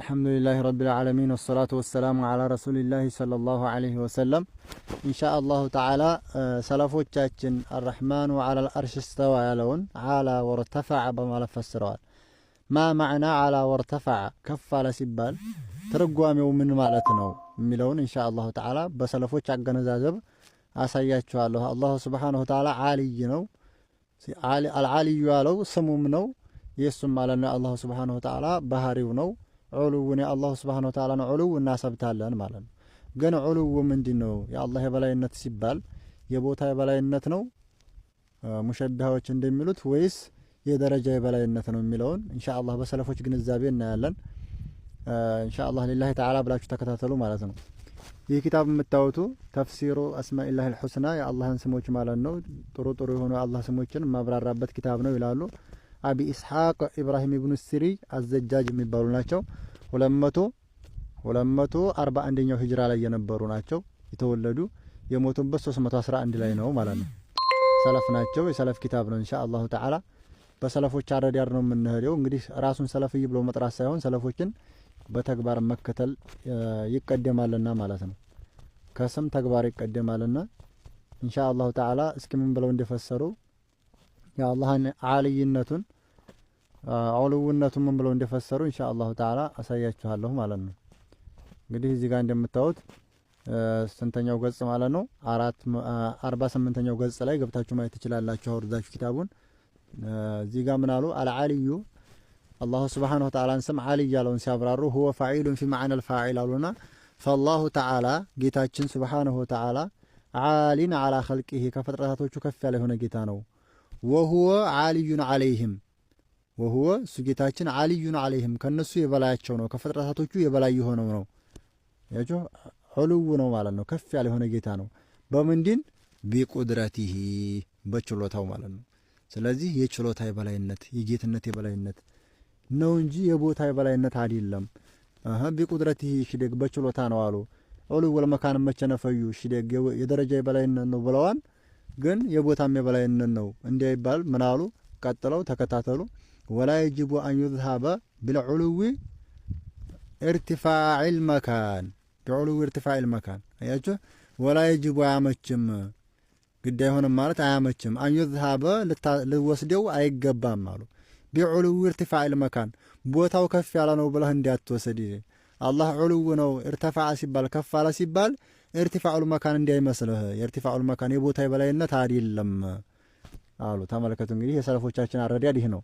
الحمد لله رب العالمين والصلاة والسلام على رسول الله صلى الله عليه وسلم إن شاء الله تعالى سلفو تشاكين الرحمن على الأرش استوى يلون على وارتفع بملف السروال ما معنى على وارتفع كف على سبال ترقوا من مالتنو ملون إن شاء الله تعالى بسلفو تشاكين زازب أسياتشو الله الله سبحانه وتعالى عالي نو العالي يالو سمو منو يسم على الله سبحانه وتعالى بهاري نو ዑሉውን የአላሁ ስብሓን ወተዓላን ዑሉው እናሰብታለን ማለት ነው። ግን ዕሉው ምንድን ነው? የአላህ የበላይነት ሲባል የቦታ የበላይነት ነው ሙሸቢሃዎች እንደሚሉት ወይስ የደረጃ የበላይነት ነው የሚለውን እንሻ አላህ በሰለፎች ግንዛቤ እናያለን። እንሻ አላህ ሊላሂ ተዓላ ብላችሁ ተከታተሉ ማለት ነው። ይህ ኪታብ የምታወቱ ተፍሲሩ አስማኢላህ ልሑስና የአላህን ስሞች ማለት ነው። ጥሩ ጥሩ የሆኑ የአላህ ስሞችን የማብራራበት ኪታብ ነው ይላሉ አቢ ኢስሐቅ ኢብራሂም ብኑ ሲሪ አዘጃጅ የሚባሉ ናቸው። ሁለት መቶ ሁለት መቶ አርባ አንደኛው ሂጅራ ላይ የነበሩ ናቸው የተወለዱ የሞቱበት ሶስት መቶ አስራ አንድ ላይ ነው ማለት ነው። ሰለፍ ናቸው። የሰለፍ ኪታብ ነው። አላሁ ተዓላ በሰለፎች አረዳድ ነው የምንሄደው። እንግዲህ ራሱን ሰለፍይ ብሎ መጥራት ሳይሆን ሰለፎችን በተግባር መከተል ይቀደማልና ማለት ነው። ከስም ተግባር ይቀደማልና አላሁ ተዓላ እስኪ ምን ብለው እንደፈሰሩ የአላህን አልይነቱን አውልውነቱም ብለው እንደፈሰሩ ኢንሻ አላሁ ተዓላ አሳያችኋለሁ ማለት ነው። እንግዲህ እዚህ ጋር እንደምታዩት ስንተኛው ገጽ ማለት ነው? አራት አርባ ስምንተኛው ገጽ ላይ ገብታችሁ ማየት ትችላላችሁ አውርዳችሁ ኪታቡን። እዚህ ጋር ምን አሉ? አልዓልዩ አላሁ ስብሓነሁ ወተዓላን ስም ዓሊ ያለውን ሲያብራሩ ሁወ ፈዒሉን ፊ መዕነል ፋዒል አሉና ፈላሁ ተዓላ ጌታችን ስብሓነሁ ወተዓላ ዓሊን ዓላ ኸልቂሂ ከፍጥረታቶቹ ከፍ ያለ የሆነ ጌታ ነው። ወሁወ ዓሊዩን ዓለይህም ወህወ እሱ ጌታችን አልዩን አለይህም ከእነሱ የበላያቸው ነው። ከፍጥረታቶቹ የበላይ የሆነው ነው። ያቸ ሑሉው ነው ማለት ነው። ከፍ ያለ የሆነ ጌታ ነው። በምንድን ቢቁድረቲሂ በችሎታው ማለት ነው። ስለዚህ የችሎታ የበላይነት የጌትነት የበላይነት ነው እንጂ የቦታ የበላይነት አይደለም። ቢቁድረቲሂ ሽደግ በችሎታ ነው አሉ ዑሉ ወልመካን መቸነፈዩ ሽደግ የደረጃ የበላይነት ነው ብለዋል። ግን የቦታም የበላይነት ነው እንዳይባል ምናሉ ቀጥለው ተከታተሉ። ወላ የጅቡ አን ዩዝሃበ ቢልዑሉዊ እርትፋዕ ልመካን ቢዑሉዊ እርትፋዕ ልመካን አያችሁ። ወላ የጅቡ አያመችም፣ ግድ አይሆንም ማለት አያመችም። አን ዩዝሃበ ልወስደው አይገባም አሉ። ቢዑሉዊ እርትፋዕ ልመካን ቦታው ከፍ ያለ ነው ብለህ እንዳትወሰድ። አላህ ዑሉው ነው። ኢርተፋዐ ሲባል ከፍ አለ ሲባል ኢርቲፋዑል መካን እንዳይመስልህ የኢርቲፋዑል መካን የቦታ የበላይነት አይደለም አሉ። ተመልከቱ እንግዲህ የሰለፎቻችን አረዳድ ይህ ነው።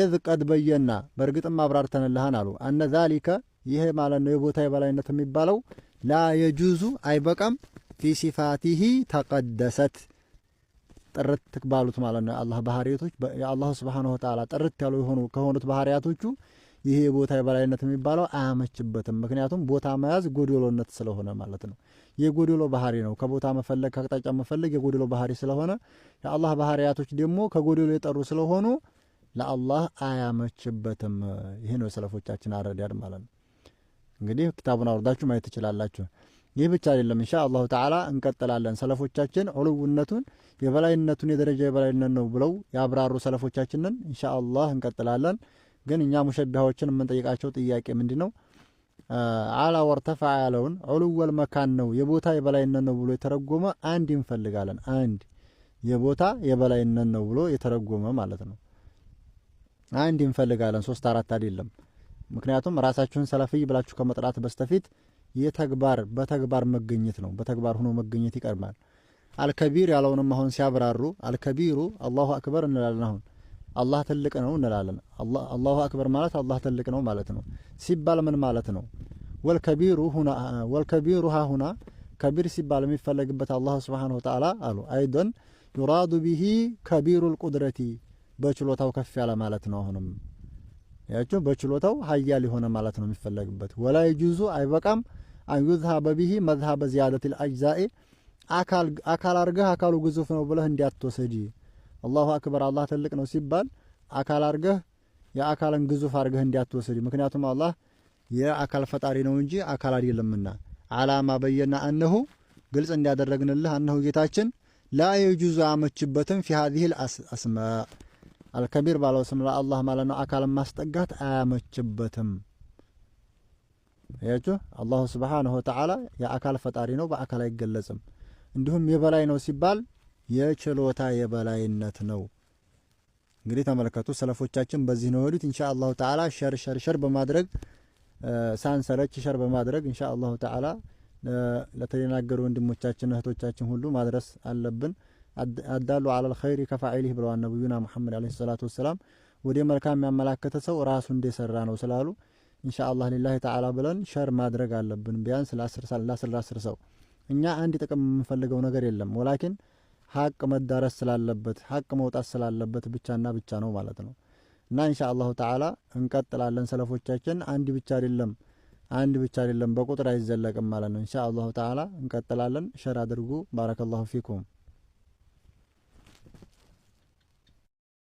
ኢዝ ቀድ በየና በእርግጥም አብራርተንልሃን አሉ አነ ዛሊከ ይሄ ማለት ነው የቦታ የበላይነት የሚባለው ላ የጁዙ አይበቃም ፊ ሲፋቲሂ ተቀደሰት ጥርት ባሉት ማለት ነው የአላህ ባህሪያቶች የአላህ ስብሓነሁ ወተዓላ ጥርት ያሉ የሆኑ ከሆኑት ባህሪያቶቹ ይሄ የቦታ የበላይነት የሚባለው አያመችበትም። ምክንያቱም ቦታ መያዝ ጎዶሎነት ስለሆነ ማለት ነው። የጎዶሎ ባህሪ ነው። ከቦታ መፈለግ፣ ከአቅጣጫ መፈለግ የጎዶሎ ባህሪ ስለሆነ የአላህ ባህሪያቶች ደግሞ ከጎዶሎ የጠሩ ስለሆኑ ለአላህ አያመችበትም። ይህ ነው ሰለፎቻችን አረዳድ ማለት ነው። እንግዲህ ክታቡን አውርዳችሁ ማየት ትችላላችሁ። ይህ ብቻ አይደለም። እንሻ አላሁ ተዓላ እንቀጥላለን። ሰለፎቻችን ዑሉውነቱን የበላይነቱን የደረጃ የበላይነት ነው ብለው ያብራሩ ሰለፎቻችንን እንሻ አላህ እንቀጥላለን። ግን እኛ ሙሸቢሃዎችን የምንጠይቃቸው ጥያቄ ምንድ ነው? አላ ወርተፋ ያለውን ዕሉወል መካን ነው የቦታ የበላይነት ነው ብሎ የተረጎመ አንድ እንፈልጋለን። አንድ የቦታ የበላይነት ነው ብሎ የተረጎመ ማለት ነው። አንድ እንፈልጋለን፣ ሶስት አራት አይደለም። ምክንያቱም ራሳችሁን ሰለፍይ ብላችሁ ከመጥራት በስተፊት የተግባር በተግባር መገኘት ነው። በተግባር ሆኖ መገኘት ይቀድማል። አልከቢር ያለውንም አሁን ሲያብራሩ አልከቢሩ አላሁ አክበር እንላለን። አሁን አላህ ትልቅ ነው እንላለን። አላሁ አክበር ማለት አላህ ትልቅ ነው ማለት ነው ሲባል ምን ማለት ነው? ወልከቢሩ ሀሁና ከቢር ሲባል የሚፈለግበት አላህ ስብሓነሁ ወተዓላ አሉ አይዶን ዩራዱ ቢሂ ከቢሩ ልቁድረቲ በችሎታው ከፍ ያለ ማለት ነው። አሁንም ያቸው በችሎታው ሀያል የሆነ ማለት ነው የሚፈለግበት። ወላይ ጁዙ አይበቃም አንዩዝሃ በቢሂ መዝሃበ ዚያደት ልአጅዛኤ አካል አርገህ አካሉ ግዙፍ ነው ብለህ እንዲያትወሰጂ። አላሁ አክበር አላህ ትልቅ ነው ሲባል አካል አርገህ የአካልን ግዙፍ አርገህ እንዲያትወሰጂ። ምክንያቱም አላህ የአካል ፈጣሪ ነው እንጂ አካል አይደለምና። አላማ በየና አነሁ ግልጽ እንዲያደረግንልህ አነሁ ጌታችን ላ የጁዙ አመችበትም ፊ ሀዚህ ልአስማ አልከቢር ባለው ስም ለአላህ ማለት ነው አካልን ማስጠጋት አያመችበትም። ያችሁ አላሁ ስብሓንሁ ወተዓላ የአካል ፈጣሪ ነው፣ በአካል አይገለጽም። እንዲሁም የበላይ ነው ሲባል የችሎታ የበላይነት ነው። እንግዲህ ተመልከቱ፣ ሰለፎቻችን በዚህ ነው ሄዱት። እንሻ አላሁ ተዓላ ሸር ሸር ሸር በማድረግ ሳንሰለች ሸር በማድረግ እንሻ አላሁ ተዓላ ለተናገሩ ወንድሞቻችን እህቶቻችን ሁሉ ማድረስ አለብን። አዳሉ አለል ኸይሪ ከፋዒሊህ ብለዋል ነብዩና መሐመድ ዓለይሂ ሰላቱ ወሰላም። ወደ መልካም የሚያመላከተ ሰው ራሱ እንደሰራ ነው ስላሉ ኢንሻ አላህ ሊላሂ ተዓላ ብለን ሸር ማድረግ አለብን። ቢያንስ ለአስር ሰው እኛ አንድ ጥቅም የምንፈልገው ነገር የለም። ወላኪን ሀቅ መዳረስ ስላለበት ሀቅ መውጣት ስላለበት ብቻና ብቻ ነው ማለት ነው። እና ኢንሻ ተዓላ እንቀጥላለን። ሰለፎቻችን አንድ ብቻ አይደለም አንድ ብቻ አይደለም በቁጥር አይዘለቅም ማለት ነው። ኢንሻ ተዓላ እንቀጥላለን። ሸር አድርጉ። ባረከላሁ ፊኩም